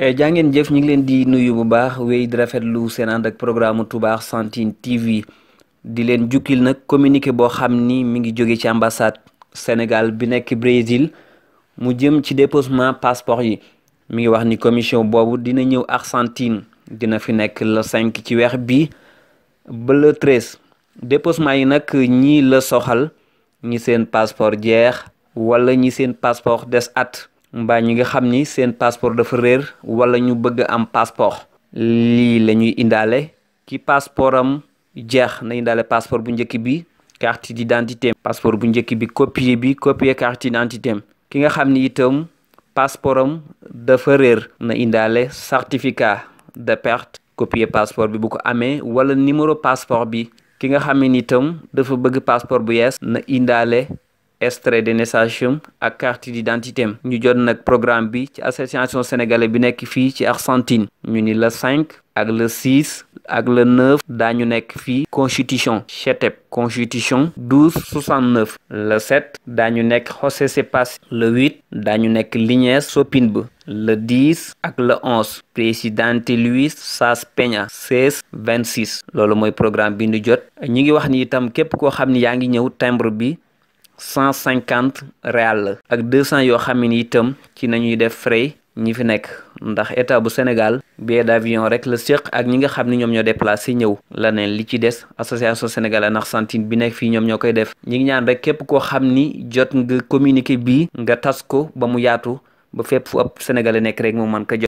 Eh, jaa ngeen jëf ñu ngi leen di nuyu bu baax wéy di rafetlu seen ànd ak programme Touba Argentine TV di leen jukkil nag communiqué boo xam ni mi ngi jóge ci ambassade Sénégal bi nekk Brésil mu jëm ci déposement passeport yi mi ngi wax ni commission boobu dina ñëw Argentine dina fi nekk le cinq ci weex bi ba le 13 déposement yi nag ñii la soxal ñi seen passeport jeex wala ñi seen passeport des at mbaa ñi nga xam ni seen passeport dafa réer wala ñu bëgg am passeport lii la ñuy indaale ki passeport am jeex na indaale passeport bu njëkk bi carte d'identité passeport bu njëkk bi copier bi copier carte d'identité ki nga xam ni itam passeport am dafa réer na indaale certificat de perte copier passeport bi bu ko amee wala numéro passeport bi ki nga xam ni itam dafa bëgg passeport bu yees na indaale extrait de naissance am ak carte d'identité am ñu jot nag programme bi ci association sénégalais bi nekk fii ci Argentine ñu ni la 5 ak le 6 ak le 9 daañu nekk fii constitution chetep constitution 1269 le 7 daañu nekk José Sepas le 8 daañu nekk Liniers Sopinbe le 10 ak le 11 présidente Luis Sass Peña 16 26 loolu mooy programme bi ñu jot ñu ngi wax ni itam képp koo xam ni yaa ngi ñëw timbre bi. cent cinquante réal la ak deux cent yoo xam ne itam ci nañuy def frais ñi fi nekk ndax état bu Sénégal billet d'avion rek la séq ak ñi nga xam ni ñoom ñoo déplacé ñëw la neen li ci des association sénégalaise Argentine bi nekk fii ñoom ñoo koy def ñi ngi ñaan rek képp koo xam ni jot nga communiqué bii nga tas ko ba mu yaatu ba fépp fu ab sénégalais nekk rek mu mën ko jot